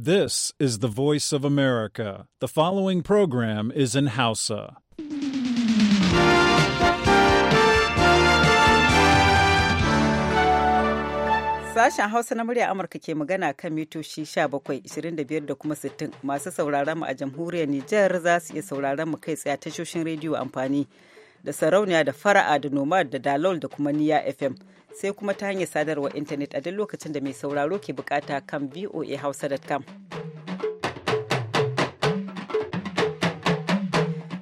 This is the voice of America. The following program is in Hausa. Sashen Hausa na murya Amurka ke magana kan mitoci 17, da kuma 60 masu sauraron mu a jamhuriyar Nijar za su iya sauraron mu kai tsaye tashoshin rediyo amfani da sarauniya da fara'a da nomad da dalol da kuma niya FM. sai kuma ta hanyar sadarwar intanet a duk lokacin da mai sauraro ke bukata kan voahausa.com.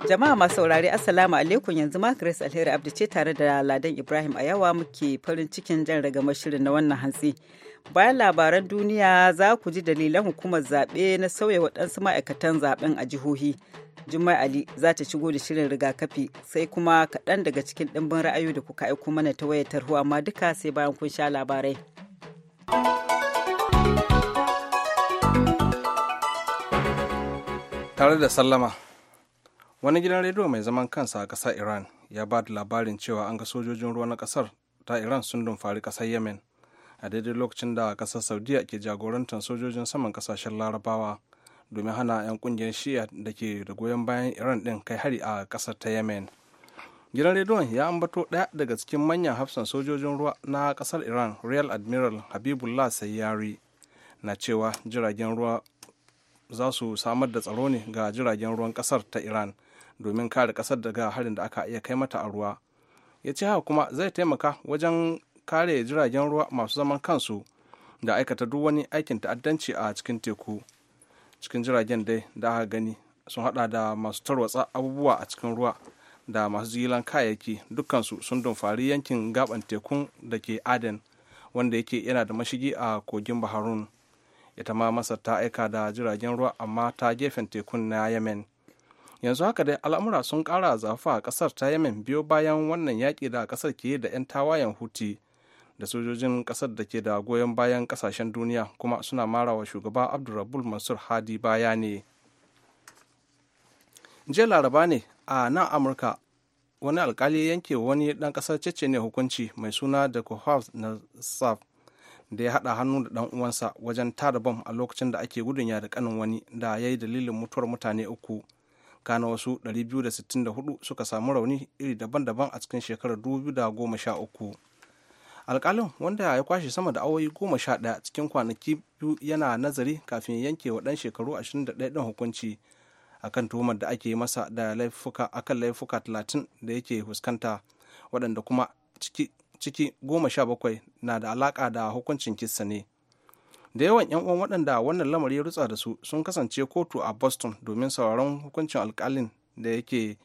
Jama'a masu saurari Assalamu alaikum yanzu ma chris Alheri Abdi ce tare da Ladan Ibrahim a yawa muke farin cikin jan ragamar shirin na wannan hantsi. Bayan labaran duniya za ku ji dalilan hukumar zaɓe na sauya waɗansu ma'aikatan zaɓen a jihohi. Jummai Ali za ta shigo da shirin rigakafi sai kuma kaɗan daga cikin ɗimbin ra'ayoyi da kuka aiko mana ta wayar tarho amma duka sai bayan kun sha labarai. Tare da sallama, wani gidan rediyo mai zaman kansa a ƙasar Iran ya ba da labarin cewa an ga sojojin ruwa na ƙasar ta Iran sun dumfari ƙasar Yemen a daidai lokacin da ƙasar Saudiya ke jagorantar sojojin saman ƙasashen Larabawa. domin hana 'yan kungiyar shi'a da ke da goyon bayan iran din kai hari a kasar ta yemen gidan rediyon ya ambato ɗaya daga cikin manyan hafsan sojojin ruwa na kasar iran real admiral habibullah sayyari na cewa jiragen ruwa za su samar da tsaro ne ga jiragen ruwan kasar ta iran domin kare kasar daga harin da aka iya kai mata a ruwa ya ce haka kuma zai taimaka wajen kare jiragen ruwa masu zaman kansu da aikata duk wani aikin ta'addanci a cikin teku cikin jiragen dai da aka gani sun hada da masu tarwatsa abubuwa a cikin ruwa da masu zilan kayayyaki dukkansu sun dumfari yankin gaban tekun da ke aden wanda yake yana da mashigi a kogin baharun ita ma masar ta aika da jiragen ruwa amma ta gefen tekun na yemen yanzu haka dai al'amura sun kara zafa a kasar ta yemen biyo bayan wannan yaƙi da kasar ke da 'yan tawayen huti da sojojin kasar da ke da goyon bayan kasashen duniya kuma suna marawa shugaba abdulrabul mansur hadi baya ne jiya laraba ne a nan amurka wani alkali yanke wani dan kasar cece ne hukunci mai suna da kohaf na saf da ya haɗa hannu da ɗan uwansa wajen tara bom a lokacin da ake gudun ya da kanin wani da ya yi dalilin mutuwar mutane uku kana wasu 264 suka samu rauni iri daban-daban a cikin shekarar 2013 alkalin wanda ya kwashe sama da awoyi goma sha ɗaya cikin kwanaki biyu yana nazari kafin yanke wa ɗan shekaru ashirin da ɗaya ɗin hukunci akan tuhumar da ake masa da laifuka akan laifuka talatin da yake fuskanta waɗanda kuma ciki goma sha bakwai na da alaƙa da hukuncin kissa ne da yawan yan uwan waɗanda wannan lamari ya rutsa da su sun kasance kotu a boston domin sauraron hukuncin alkalin da yake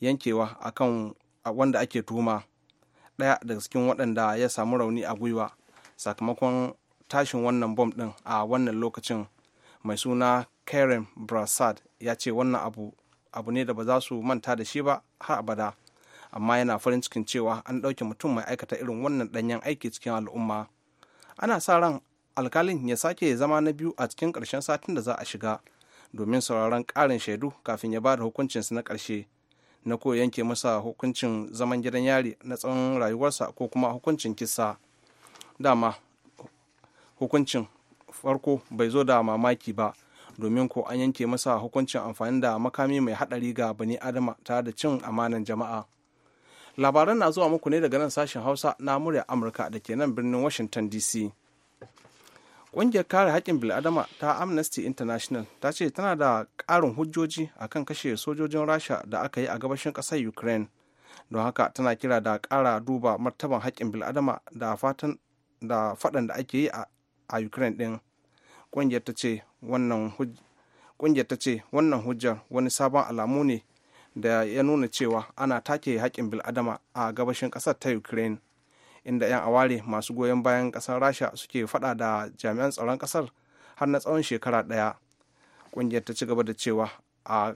yankewa akan wanda ake tuhuma ɗaya daga cikin waɗanda ya samu rauni a gwiwa sakamakon tashin wannan bom ɗin a wannan lokacin mai suna karen brassard ya ce wannan abu ne da ba za su manta da shi ba har abada amma yana farin cikin cewa an ɗauke mutum mai aikata irin wannan ɗanyen aiki cikin al'umma ana sa ran alkalin ya sake zama na biyu a cikin ƙarshen satin da za a shiga domin sauraron ƙarin shaidu kafin ya ba da hukuncinsu na ƙarshe na ko yanke masa hukuncin zaman gidan yari na tsawon rayuwarsa ko kuma hukuncin kisa dama hukuncin farko bai zo da mamaki ba domin ko an yanke masa hukuncin amfani da makami mai haɗari ga bani adama tare da cin amanan jama'a labaran na zuwa muku ne daga nan sashen hausa na murya amurka da ke nan birnin washington dc ƙungiyar kare haƙƙin bil'adama ta amnesty international ta ce tana da ƙarin hujjoji akan kashe sojojin rasha da aka yi a gabashin ƙasar ukraine don haka tana kira da ƙara duba martaban haƙƙin bil'adama da fatan da faɗan da ake yi a ukraine ɗin ƙungiyar ta ce wannan hujjar wani sabon alamu ne da ya nuna cewa ana take haƙƙin bil'adama a gabashin ƙasar ta ukraine inda 'yan aware masu goyon bayan ƙasar rasha suke fada da jami'an tsaron ƙasar har na tsawon shekara ɗaya ƙungiyar ta ci gaba da cewa a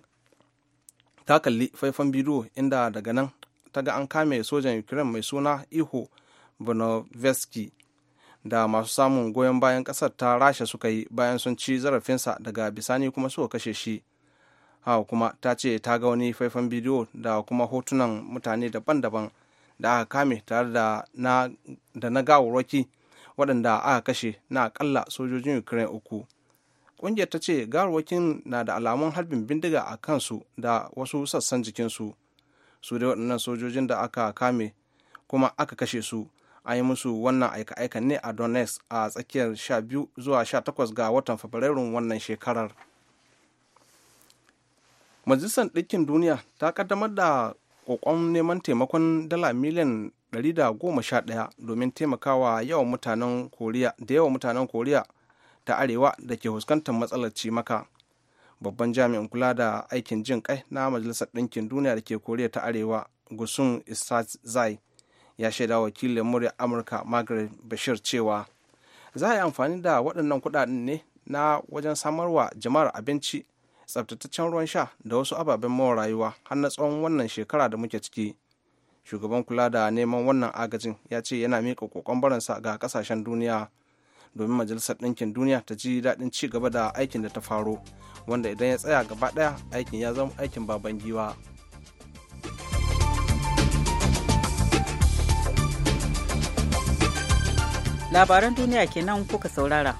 ta kalli faifan bidiyo inda daga nan ta ga an kame sojan ukraine mai suna iho bonoveski da masu samun goyon bayan ƙasar ta rasha suka yi bayan sun ci zarafinsa daga bisani kuma suka kashe shi hawa kuma ta ce ta ga wani faifan bidiyo da kuma hotunan mutane daban-daban da aka kame tare da na gawarwaki waɗanda aka kashe na akalla sojojin ukraine uku ƙungiyar ta ce gawarwakin na da alamun harbin bindiga a kansu da wasu sassan jikinsu su dai waɗannan sojojin da aka kame kuma aka kashe su an yi musu wannan aika-aikan ne a donetsk a tsakiyar 12 zuwa 18 ga watan fabrairun wannan shekarar majalisar ɗinkin duniya ta kaddamar da kokon neman taimakon dala miliyan 111 domin taimakawa yawan mutanen koriya da yawan mutanen koriya ta arewa da ke fuskantar matsalar cimaka babban jami'in kula da aikin jin kai na majalisar ɗinkin duniya da ke koriya ta arewa gusun isat zai ya shaida wakilin murya amurka margaret bashir cewa za a yi amfani da waɗannan kuɗaɗen ne na wajen samarwa jama'ar abinci tsabtataccen ruwan sha da wasu ababen mawa rayuwa har na tsawon wannan shekara da muke ciki shugaban kula da neman wannan agajin ya ce yana mika kokon baransa ga kasashen duniya domin majalisar ɗinkin duniya ta ji daɗin ci gaba da aikin da ta faro wanda idan ya tsaya gaba ɗaya aikin ya zama aikin baban giwa labaran duniya kenan kuka saurara.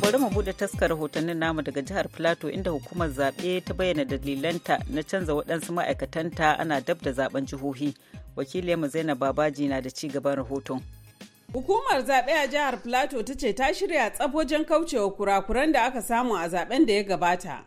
bari mu bude taskar rahotannin namu daga jihar Plateau inda hukumar zaɓe ta bayyana dalilanta na canza waɗansu ma'aikatanta ana dab da zaben jihohi. Wakiliyarmu Zainab Babaji na da ci gaban rahoton. Hukumar zaɓe a jihar Plateau ta ce ta shirya tsaf wajen kaucewa kurakuran da aka samu a zaben da ya gabata.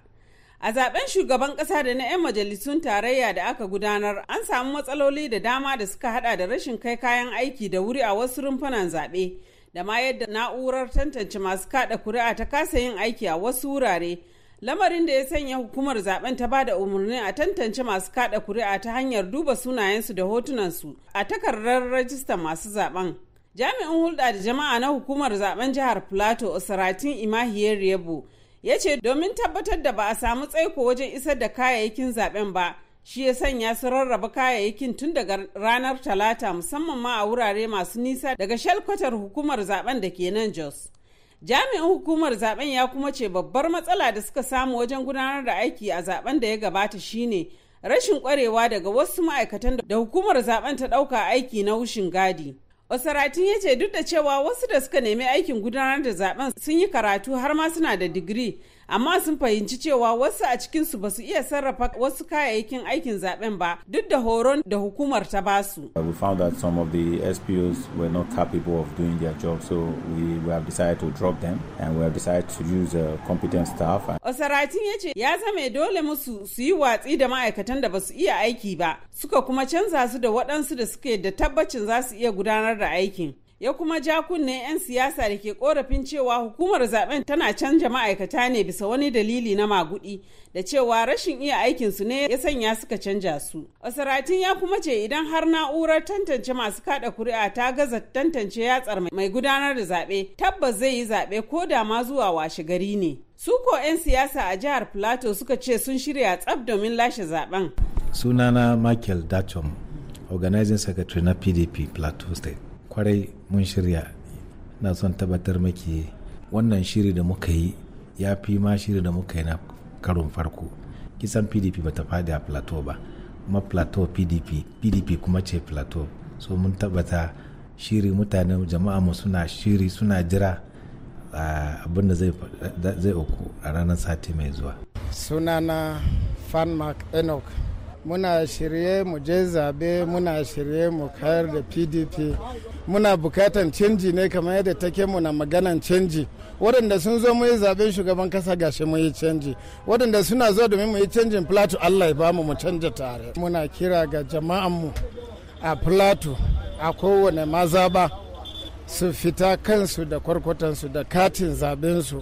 A zaben shugaban ƙasa da na 'yan majalisun tarayya da aka gudanar an samu matsaloli da dama da suka hada da rashin kai kayan aiki da wuri a wasu rumfunan zaɓe. da ma yadda na'urar tantance masu kada kuri'a ta kasa yin aiki a wasu wurare lamarin da ya sanya hukumar zaben ta bada umarni a tantance masu kada kuri'a ta hanyar duba sunayensu da hotunansu a takardar rajistar masu zaben jami'in hulɗa da jama'a na hukumar zaben jihar plateau osiratin imahiyar yabo ya ce domin tabbatar da ba a samu tsaiko wajen isar da kayayyakin zaben ba shi ya sanya su rarraba kayayyakin tun daga ranar talata musamman ma a wurare masu nisa daga shalkwatar hukumar zaben da ke nan jos jami'in hukumar zaben ya kuma ce babbar matsala da suka samu wajen gudanar da aiki a zaben da ya gabata shine rashin kwarewa daga wasu ma'aikatan da hukumar zaben ta dauka aiki na wushin gadi osaratin ya ce duk da cewa wasu da suka nemi aikin gudanar da zaben sun yi karatu har ma suna da digiri amma sun fahimci cewa wasu a cikinsu ba su iya sarrafa wasu kayayyakin aikin zaben ba duk da horon da hukumar ta basu. Uh, we found that some of the SPOs were not capable of doing their job so we, we have decided to drop them and we have decided to use a uh, competent staff. Osaratin ya ce ya zame dole musu su yi watsi da ma'aikatan da basu iya aiki ba suka kuma canza su da waɗansu da suke da tabbacin za su iya gudanar da aikin. ya kuma ja kunnen 'yan siyasa da ke korafin cewa hukumar zaben tana canja ma'aikata ne bisa wani dalili na magudi da cewa rashin iya aikinsu ne ya sanya suka canja su. Osaratin ya kuma ce idan har na'urar tantance masu kada kuri'a ta gaza tantance yatsar mai gudanar da zaɓe tabbas zai yi zaɓe ko da ma zuwa washe gari ne. ko 'yan siyasa a jihar Plateau suka ce sun shirya tsab domin lashe zaben. Sunana Michael Dachom, Organizing Secretary na PDP Plateau State. kwarai mun shirya na son tabbatar maki wannan shiri da muka yi ya fi ma shiri da muka yi na karon farko kisan pdp ba ta fadi a plateau ba kuma plateau pdp pdp kuma ce plateau so mun tabbata shiri mutane jama'a mu suna shiri suna jira abin da zai uku a ranar sati mai zuwa sunana fanmark enoch muna shirye mu je zabe muna shirye mu kayar da pdp muna bukatan canji ne kamar yadda take mu na maganan canji waɗanda sun zo mu yi zaben shugaban kasa gashi mu yi canji waɗanda suna zo domin mu yi canjin filatu allah ya bamu mu canja tare muna kira ga jama'an mu a filatu a kowane mazaba su fita kansu da kwarkwatansu da katin zaben su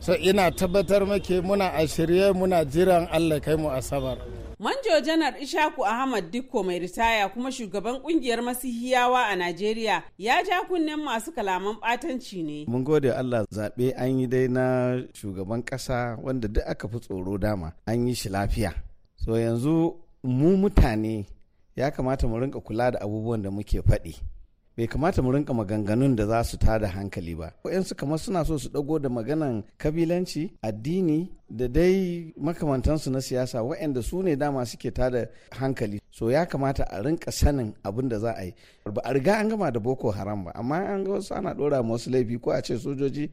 so ina tabbatar muke muna a shirye muna jiran allah kai mu asabar Manjo Janar Ishaku Ahmad Dikko mai ritaya kuma shugaban kungiyar Masihiyawa a Najeriya ya ja kunnen masu kalaman ɓatanci ne. Mun gode Allah zaɓe an yi dai na shugaban ƙasa wanda duk aka fi tsoro dama an yi shi lafiya. So yanzu mu mutane ya kamata mu rinka kula da abubuwan da muke faɗi. bai kamata mu rinka maganganun da za su tada hankali ba wayansu kamar suna so su dago da maganan kabilanci addini da dai makamantansu na siyasa wayanda su ne dama suke tada hankali so ya kamata a rinka sanin abin da za a yi ba a riga an gama da boko haram ba amma an ga wasu ana dora wasu laifi ko a ce sojoji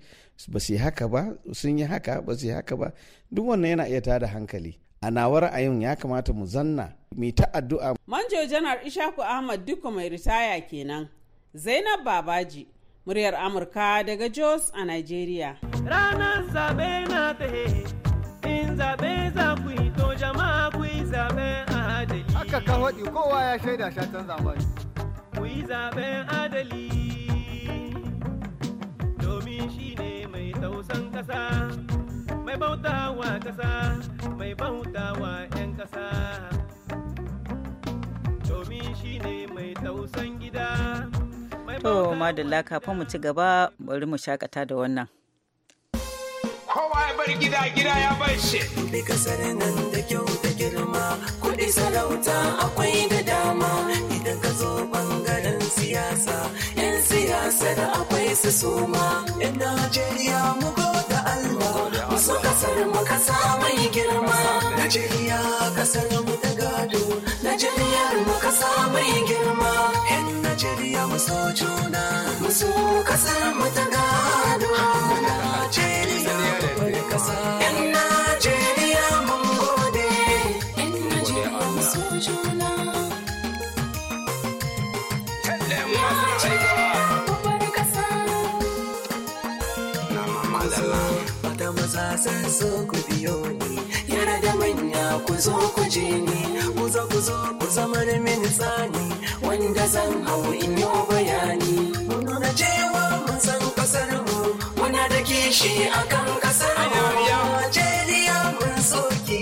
ba su yi haka ba sun yi haka ba su yi haka ba duk wannan yana iya tada hankali a nawa ra'ayin ya kamata mu zanna mai ta addu'a manjo janar ishaku ahmad duka mai ritaya kenan Zainab Babaji, muryar Amurka daga Jos a Nigeria. Ranar zabe na ta in zabe za ku yi to jama'a ku yi zabe a adali. Haka kan waɗi kowa ya shaida shatan zamani. Ku yi zaben adali, domin shi ne mai tausan ƙasa, mai bauta wa ƙasa, mai bauta wa 'yan ƙasa. Domin shi ne mai tausan To madalla kafin mu ci gaba bari mu shakata da wannan. Kowa ya bar gida gida ya bar shi. Bi kasar nan da kyau da girma kuɗi sarauta akwai da dama idan ka zo bangaren siyasa yan siyasar akwai su suma yan Najeriya mu da Allah Musu kasar mu kasa mai girma Najeriya kasar mu da gado Najeriya mu kasa mai girma so juna musu kasar mu ta gado Najeriya mun kasa yan Najeriya mun gode yan Najeriya mu so juna Mata maza san so ku biyo ni yara da manya ku zo ku je ni ku zo ku zo ku zama da mini tsani wanda zan hau in yi bayani mun nuna cewa mun san kasar mu muna da kishi akan kasar mu Najeriya mun soki.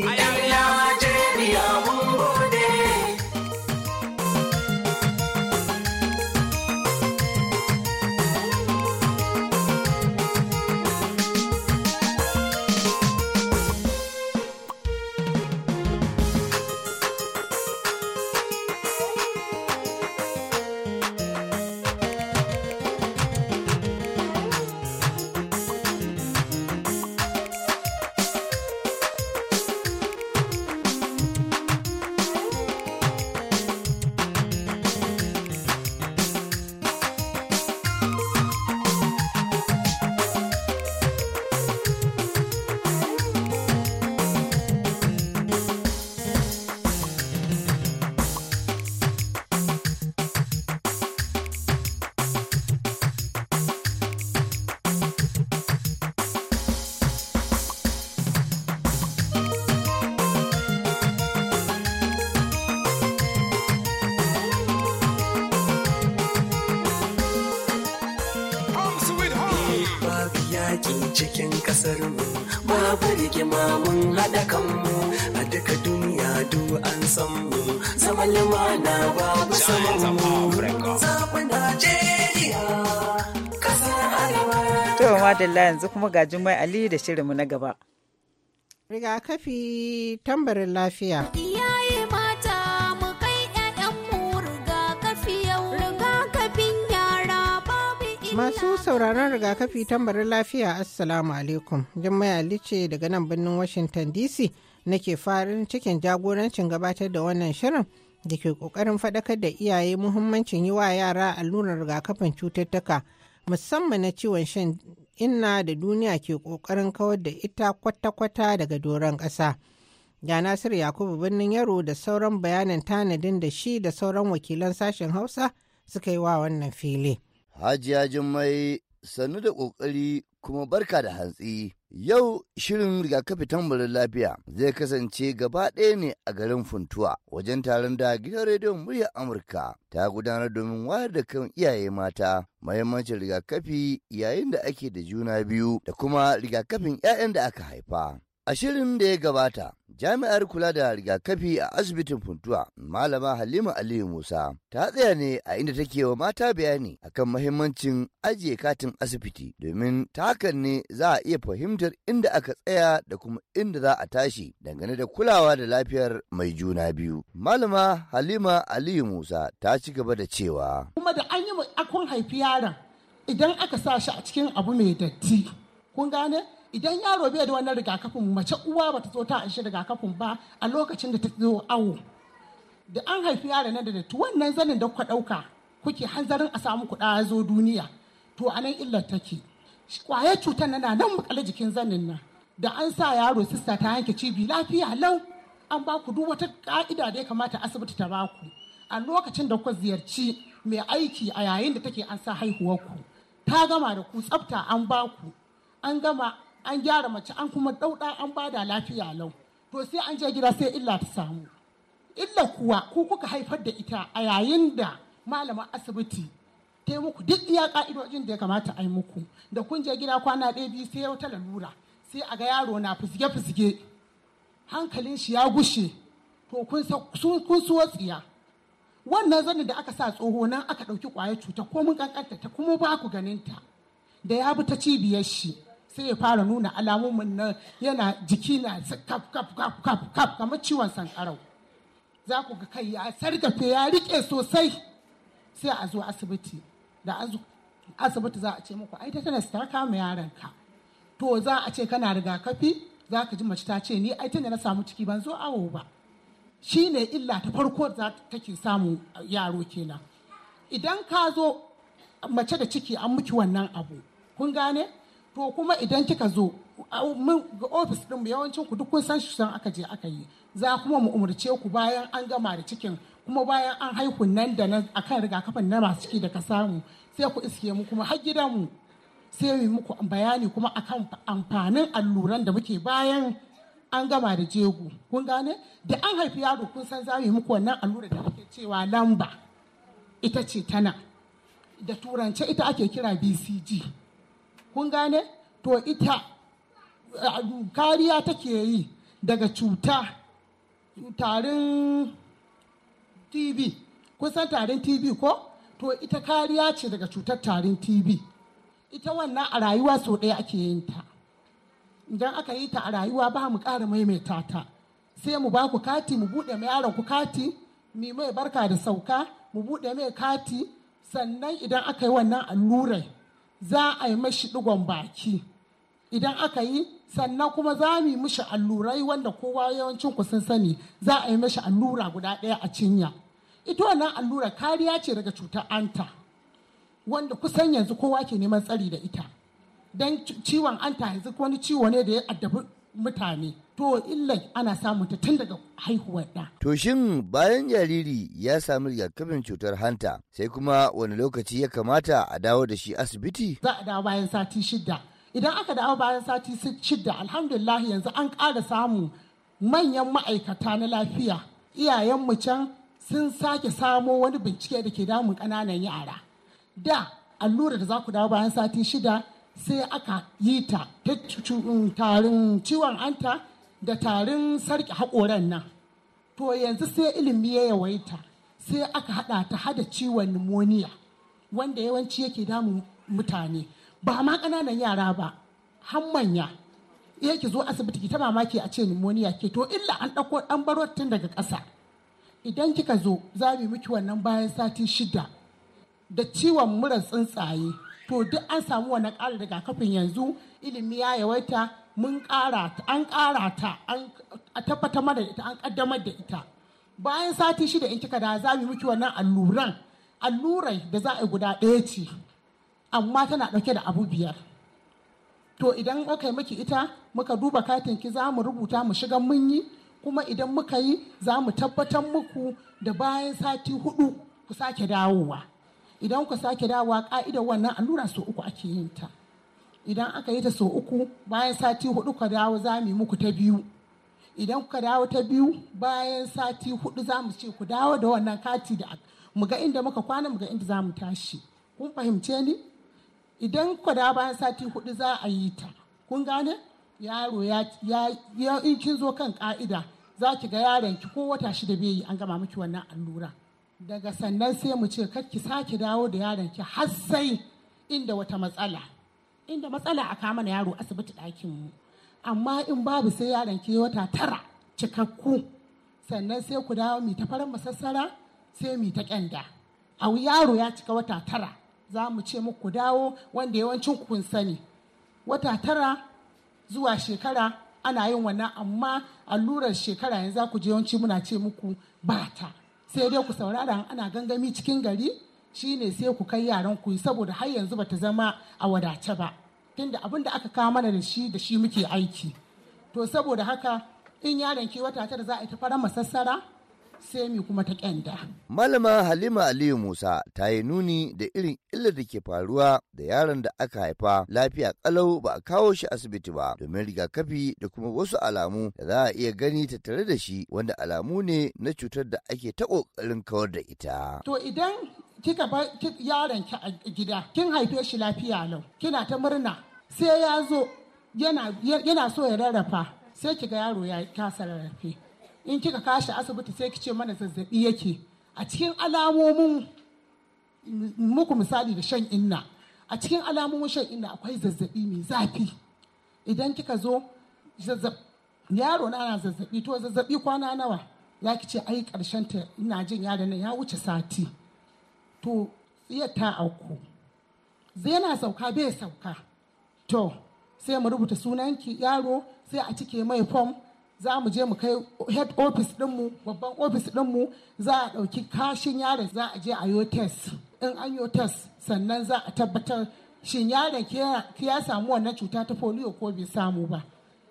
babu yaƙi cikin ƙasar mu babu rigima mun haɗa kanmu a duka duniya du an san mu zama na babu saman mu zaɓi Najeriya ƙasar Arewa. To madalla yanzu kuma ga Jummai Ali da shirinmu na gaba. Rigakafi tambarin lafiya. Masu sauraron rigakafi tambarin lafiya Assalamu alaikum. Jummai Ali ce daga nan birnin Washington DC nake farin cikin jagorancin gabatar da wannan shirin da ke kokarin faɗakar da iyaye muhimmancin yi wa yara allurar rigakafin cututtuka musamman na ciwon shan inna da duniya ke kokarin kawar da ita kwata-kwata daga doron ƙasa. Ya Nasir Yakubu birnin Yaro da sauran bayanin tanadin da shi da sauran wakilan sashen Hausa suka yi wa wannan fili. Hajiya Jummai sannu da ƙoƙari kuma barka da hantsi. Yau shirin rigakafi tambarin lafiya zai kasance gaba ɗaya ne a garin Funtuwa wajen taron da gidan rediyon murya Amurka ta gudanar domin wayar da kan iyaye mata mahimmancin rigakafi yayin da ake da juna biyu da kuma rigakafin 'ya'yan da aka haifa. A shirin da ya gabata, jami'ar kula da rigakafi a asibitin Funtuwa, Malama Halima Aliyu Musa, ta tsaya ne a inda take wa mata bayani akan mahimmancin ajiye katin asibiti domin ta hakan ne za a iya fahimtar inda aka tsaya da kuma inda za a tashi dangane da kulawa da lafiyar mai juna biyu. Malama Halima Aliyu Musa ta ci gaba da cewa. Kuma da an yi akon haifi yaron idan aka sa shi a cikin abu mai datti, kun gane? idan yaro bai da wannan rigakafin mace uwa ba ta zo ta anshi rigakafin ba a lokacin da ta zo awo da an haifi yaro nan da datti wannan zanin da kuka ɗauka kuke hanzarin a samu kuɗa ya zo duniya to a nan illar take kwaya cutar na nan makale jikin zanin nan da an sa yaro sista ta yanke cibi lafiya lau an ba ku duk wata ka'ida da ya kamata asibiti ta ba ku a lokacin da kuka ziyarci mai aiki a yayin da take an sa ku ta gama da ku tsafta an ba ku an gama an gyara mace an kuma dauɗa an bada lafiya lau to sai an je gida sai illa ta samu illa kuwa ku kuka haifar da ita a yayin da malaman asibiti ta muku duk iya ka'idojin da ya kamata a yi muku da kun je gida kwana ɗaya biyu sai wata lalura sai a ga yaro na fizge-fizge hankalin shi ya gushe to kun so tsiya wannan zanin da aka sa tsoho nan aka ɗauki ƙwayar cuta ko mun kankanta ta kuma ba ku ganin ta da ya bi ta cibiyar shi sai ya fara nuna alamomin nan yana jiki na kaf kaf kaf kaf kaf kamar ciwon sankarau za ku ga kai ya sarkafe ya rike sosai sai a zo asibiti da asibiti za a ce muku ai tetanus ta kama ka. to za a ce kana rigakafi za ka ji mace ta ce ni ai tunda na samu ciki ban zo awo ba shi ne illa ta farko za take samu yaro kenan idan ka zo mace da ciki an miki wannan abu kun gane to kuma idan kika zo ga ofis ɗin yawancin ku duk kun san shi san aka je aka yi za kuma mu umarce ku bayan an gama da cikin kuma bayan an haihu nan da nan akan rigakafin na masu ciki da ka samu sai ku iske mu kuma har gidanmu sai mu muku bayani kuma akan amfanin alluran da muke bayan an gama da jego kun gane da an haifi yaro kun san za mu muku wannan allura da ake cewa lamba ita ce tana da turance ita ake kira bcg kun gane to ita eh, kariya take yi daga cuta tarin tb kun san tarin tb ko to ita kariya ce daga cutar tarin tb ita wannan a rayuwa sau ɗaya ake yin ta idan aka yi ta a rayuwa ba mu ƙara maimaita ta sai mu ba ku kati mu buɗe mai yaron ku kati mai barka da sauka mu buɗe mai kati sannan idan aka yi wannan allurai za a yi mashi digon baki idan aka yi sannan kuma za mu yi mishi allurai wanda kowa yawancin ku sun sani za a yi mashi allura guda ɗaya a cinya ita wannan allura kariya ce daga cutar anta wanda kusan yanzu kowa ke neman tsari da ita don ciwon anta yanzu wani ciwo ne da ya addabi mutane to illan ana samun ta tun daga haihuwar da. To shin bayan jariri ya samu rigakafin cutar hanta sai kuma wani lokaci ya kamata a dawo da shi asibiti? Za a dawo bayan sati shida. Idan aka dawo bayan sati shida alhamdulillah yanzu an ƙara samu manyan ma'aikata na lafiya iyayen mu can sun sake samo wani bincike da ke damun ƙananan yara. Da allura da za ku dawo bayan sati shida sai aka yi ta ta tarin ciwon hanta da tarin sarki haƙoran nan to yanzu sai ilimi ya yawaita sai aka haɗa ta hada ciwon pneumonia wanda yawanci yake damun mutane ba ma ƙananan yara ba har manya yake ki zo asibiti ki ta mamaki a ce pneumonia ke to illa an ɗauko an baro tun daga ƙasa idan kika zo za mu miki wannan bayan sati shida da ciwon mura tsuntsaye to duk an samu wannan ƙarin rigakafin yanzu ilimi ya yawaita mun ƙara ta an ƙara ta an tabbatar mana da ita an ƙaddamar da ita bayan sati shida in kika da za mu miki wannan alluran allurai da za a guda ɗaya ce amma tana ɗauke da abu biyar to idan aka yi miki ita muka duba katin ki za mu rubuta mu shiga mun yi kuma idan muka yi za mu tabbatar muku da bayan sati hudu ku sake dawowa idan ku sake dawowa ka'idar wannan allura su uku ake yin ta idan aka yi ta sau uku bayan sati hudu ka dawo za mu yi muku ta biyu idan kuka dawo ta biyu bayan sati hudu za mu ce ku dawo da wannan kati da mu ga inda muka kwana mu ga inda za mu tashi kun fahimce ni idan kuka dawo bayan sati hudu za a yi ta kun gane yaro ya in kin zo kan ka'ida za ki ga yaron ki ko wata shida bai yi an gama miki wannan allura daga sannan sai mu ce kar ki sake dawo da yaron ki har sai inda wata matsala inda matsala a kama na yaro asibiti ɗakin mu amma in babu sai yaron ki wata tara cikakku sannan sai ku dawo mi ta fara masassara sai mi ta kyanda a yaro ya cika wata tara za mu ce muku dawo wanda yawancin kun sani wata tara zuwa shekara ana yin wannan amma allurar shekara yanzu za ku je yawanci muna ce muku ba ta sai dai ku saurara ana gangami cikin gari shine sai ku kai yaran ku saboda har yanzu bata zama a wadace ba tunda abin da aka kawo mana da shi da shi muke aiki to saboda haka in yaron ke wata tara za a yi ta fara masassara sai mi kuma ta kyanda. Malama Halima Aliyu Musa ta yi nuni da irin illar da ke faruwa da yaron da aka haifa lafiya kalau ba a kawo shi asibiti ba domin rigakafi da kuma wasu alamu da za a iya gani ta tare da shi wanda alamu ne na cutar da ake ta kokarin kawar da ita. To idan kika bar yaron ki a gida kin haife shi lafiya lau kina ta murna sai ya zo yana so ya rarrafa sai kiga yaro ya kasa rarrafe in kika kashe asibiti sai kice mana zazzabi yake a cikin alamomin muku misali da shan inna a cikin alamomin shan inna akwai zazzabi mai zafi idan kika zo yaro na na zazzabi to zazzabi kwana nawa ya ki ce ai karshen ta ina jin yaron nan ya wuce sati to ta auku yana sauka bai sauka to sai mu rubuta sunanki yaro sai a cike mai fom za mu je mu kai head office dinmu babban office dinmu za a ɗauki kashin yaron za a je a yo test in an yo test sannan za a tabbatar shin yaron ki ya samu wannan cuta ta polio ko bai samu ba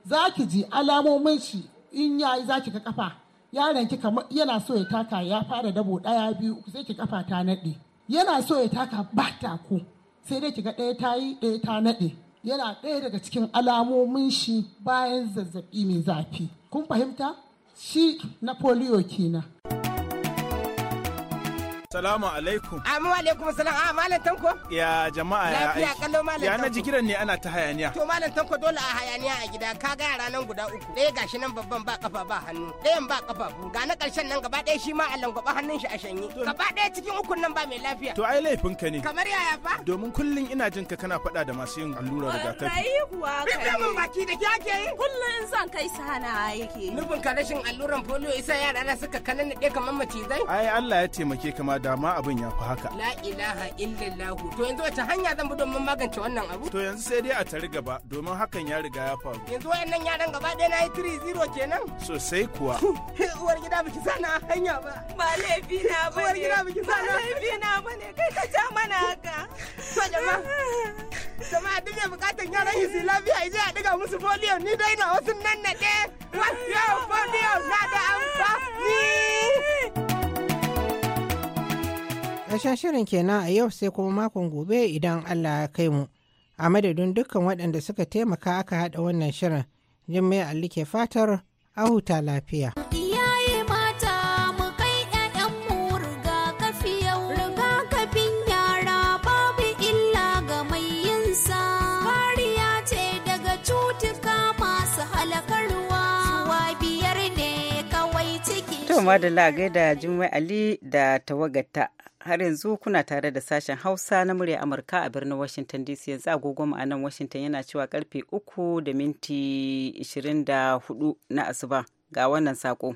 za ki ji alamomin shi in yayi za ki ga kafa yaron ki kamar yana so ya taka ya fara dabo daya biyu sai ki kafa ta nade yana so ya taka ba ta ko sai dai ki ga daya tayi yi daya ta nade yana daya daga cikin alamomin shi bayan zazzabi mai zafi kun fahimta shi na polio kenan. Salamu alaikum. Amu alaikum salam. A ah, malam tanko? Ya jama'a ya aiki. Lafiya kallo malam tanko. Ya na jikiran ne ana ta hayaniya. To malam tanko dole a hayaniya a gida ka ga yara nan guda uku. Ɗaya gashi nan babban ba kafa ba hannu. Ɗayan ba kafa bu. Ga na ƙarshen nan gaba ɗaya shi ma a langwaɓa hannun shi a shanye. Gaba ɗaya cikin ukun nan ba mai lafiya. To ai laifin ka ne. Kamar yaya fa? Domin kullum ina jin ka kana faɗa da masu yin allurar rigakafi. Rayi kuwa kai. Bibiya min baki da ke yi. Kullum zan kai sana yake. Nufin ka rashin alluran polio isa yara na suka kanana ne kamar macizai. Ai Allah ya taimake kamar dama abin ya fi haka. La ilaha illallahu to yanzu wata hanya zan bi domin magance wannan abu? To yanzu sai dai a tari gaba domin hakan ya riga ya faru. Yanzu wayannan yaran gaba ɗaya na yi tiri zero kenan. Sosai kuwa. Uwar gida biki sana hanya ba. Ba laifi na ba ne. Uwar gida biki sana. Ba laifi na ba ne kai ka ja mana haka. To jama. Jama duk mai bukatan yaran su lafiya ya je a ɗiga musu foliyo ni dai na wasu nan naɗe. Wasu yawan foliyo na da amfani. Ƙarshen shirin kenan a yau sai kuma makon gobe idan Allah ya kai mu. A madadin dukkan waɗanda suka taimaka aka haɗa wannan shirin, Jummai Alli ke fatar a huta lafiya. madalla da Jummai Ali da tawagata har yanzu kuna tare da sashen Hausa na murya Amurka a birnin Washington DC yanzu agogo a nan Washington yana cewa karfe uku da minti 24 na asuba ga wannan sako.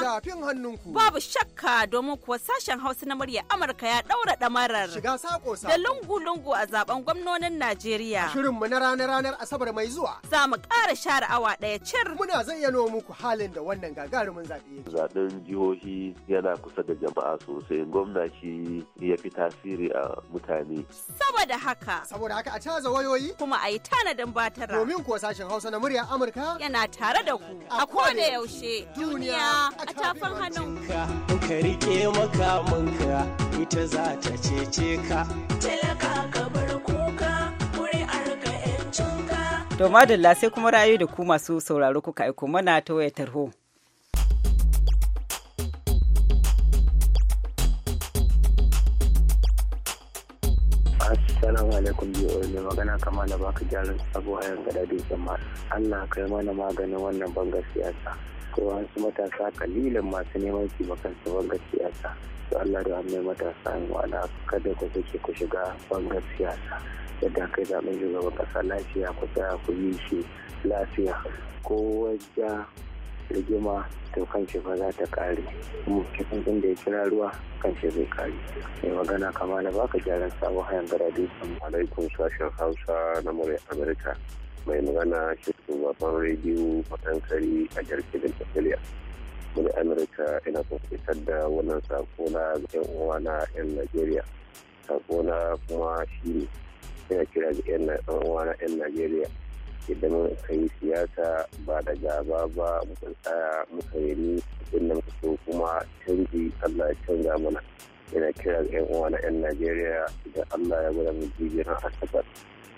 Zafin hannunku. Babu shakka domin kuwa sashen Hausa na murya Amurka ya ɗaura ɗamarar. Shiga sako sa. Da lungu-lungu a zaben gwamnonin Najeriya. mu na ranar-ranar Asabar mai zuwa. Za mu ƙara share awa ɗaya cir. Muna zayyano muku halin da wannan gagarumin zaɓe. Zaɓen jihohi yana kusa da jama'a sosai. Gwamna shi ya fi tasiri a mutane. Saboda haka. Saboda haka a caza wayoyi. Kuma a yi tanadin batara. Domin kuwa sashen Hausa na murya Amurka. Yana tare da ku. A koda yaushe. Duniya. a tafin hannunka ka rike makamanka ita za ta cece ka talaka ka bar kuka kuri'ar ka yancinka to madalla sai kuma rayu da ku masu sauraro kuka aiko mana ta wayar tarho Assalamu alaikum biyu mai magana kama da baka gyaran abuwa yan gada dutsen Allah kai mana maganin wannan bangar siyasa. akwai wasu matasa kalilan masu neman su makansu bangar siyasa to Allah da hannun matasa yin wala kada ku sake ku shiga bangar siyasa yadda kai zaɓen shugaban ƙasa lafiya ku tsaya ku yi shi lafiya ko wajen rigima to kan shi ba za ta kare kuma kifin da ya kira ruwa kan shi zai kare mai magana kama na baka gyaran sabon hayan gara dukkan alaikum sashen hausa na murai amurka mai magana shi wafan rediyo kari a jirgin Australia. Muni amurka ina fitar da wannan sako na yan uwa na yan najeriya sako kuma shi ne ina kira ga yan uwa na yan najeriya idan ka yi siyasa ba da gaba ba mutum tsaya muka yi inda muka so kuma canji allah ya canza mana ina kira ga yan uwa na yan najeriya idan allah ya gwada mu jibiyar asabar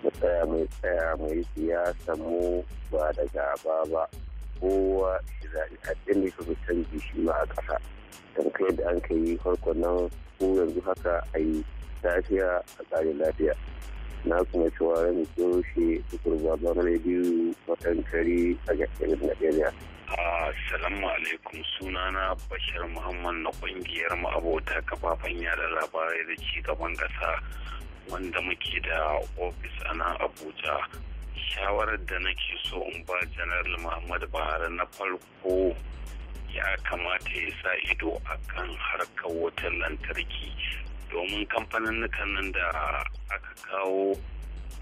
mu tsaya mai tsaya mai yi siyasa mu ba da gaba ba kowa da abin da ka canji shi ma a ƙasa don kai da an kai farko nan ko yanzu haka a yi lafiya a tsarin lafiya na kuma cewa yana toshe tukurbaban rediyo kari a gaskiyar najeriya Assalamu alaikum sunana bashar Muhammad na kungiyar ma'abota kafafen yada labarai da ci gaban ƙasa wanda muke da ofis a nan abuja shawarar da nake so in ba janar muhammad bahari na farko ya kamata ya sa ido a kan harkar wutar lantarki domin kamfanin nan da aka kawo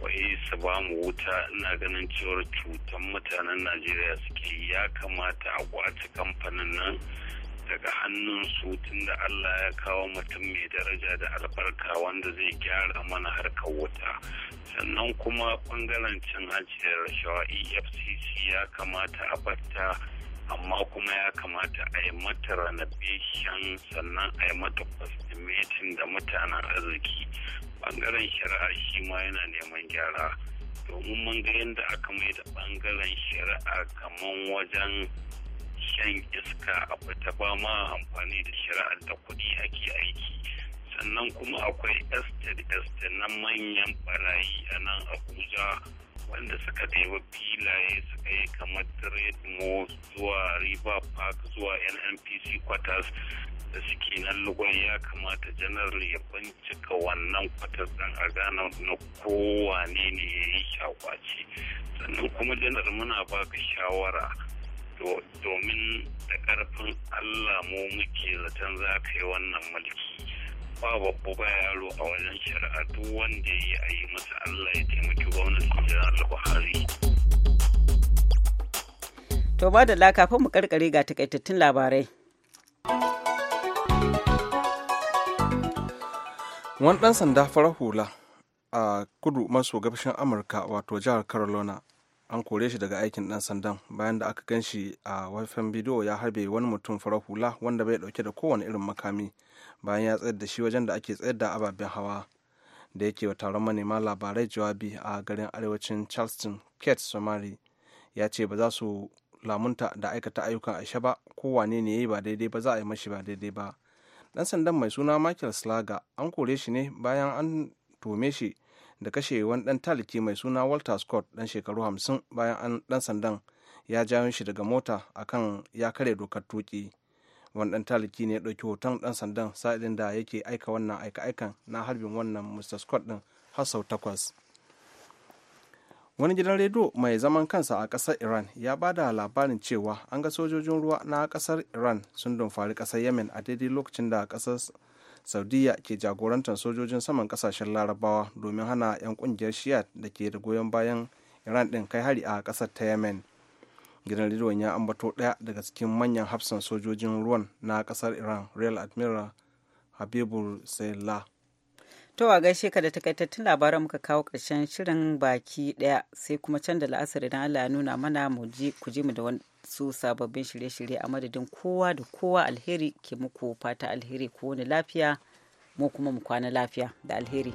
wai su ba mu wuta na ganin cewar cutar mutanen najeriya suke ya kamata a kwace kamfanin nan daga hannun su tunda Allah ya kawo mutum mai daraja da albarka wanda zai gyara mana harkar wuta sannan kuma bangaren cin hanci rashawa efcc ya kamata a batta amma kuma ya kamata a yi mata ranabishan sannan a yi mata kwastimitin da mutanen arziki bangaren shari'a shi ma yana neman gyara domin mun ga yadda aka mai da ɓangaren shari'a kamar wajen shan iska akwai ta ba ma amfani da shari'ar da kuɗi ake aiki sannan kuma akwai estate estate na manyan barayi a nan abuja wanda suka daiwa filaye suka yi kamar trade zuwa river park zuwa nnpc quarters da suke nan lugon ya kamata janar ya bincika wannan kwatar don a gane na kowane ne ya yi shakwaci sannan kuma janar muna baka shawara domin da ƙarfin Allah mu muke zaton za ka yi wannan mulki ba babba ba yaro a wajen shari'a duk wanda ya yi a yi masa Allah ya taimaki gwamnatin jiran Buhari. To ba da lakafin mu karkare ga takaitattun labarai. Wani ɗan sanda farar hula a kudu maso gabashin Amurka wato jihar Carolina an kore shi daga aikin dan sandan bayan da aka gan shi a wafan bidiyo ya harbe wani mutum farar hula wanda bai dauke da kowane irin makami bayan ya tsayar da shi wajen da ake tsayar da ababen hawa da yake wa taron manema labarai jawabi a garin arewacin charleston kate somari ya ce ba za su lamunta da aikata ayyukan aisha ba ko wane ne ya yi ba daidai ba za a yi mashi ba daidai ba dan sandan mai suna michael slaga an kore shi ne bayan an tome shi da kashe wani dan taliki mai suna walter scott dan shekaru 50 bayan an dan sandan ya jawo shi daga mota akan ya kare dokar tuki wani dan taliki ne ya dauki hoton dan sandan sa'idin da yake aika wannan aika-aikan na harbin wannan mr scott din har sau takwas wani gidan rediyo mai zaman kansa a kasar iran ya ba da labarin cewa an ga sojojin ruwa na kasar iran sun dumfari kasar yemen a daidai lokacin da kasar. saudiya ke jagorantar sojojin saman kasashen larabawa domin hana 'yan kungiyar shiya da ke da goyon bayan iran din kai hari a kasar ta yemen gidan rediyon ya ambato daya daga cikin manyan hafsan sojojin ruwan na kasar iran real admiral habibul salah To a gaishe ka da takaitattun labaran muka kawo karshen shirin baki daya sai kuma can da la'asar idan Allah ya nuna mana mu ji ku ji mu da wani su sababbin shirye-shirye a madadin kowa da kowa alheri ke muku fata alheri ko wani lafiya mu kuma mu kwana lafiya da alheri.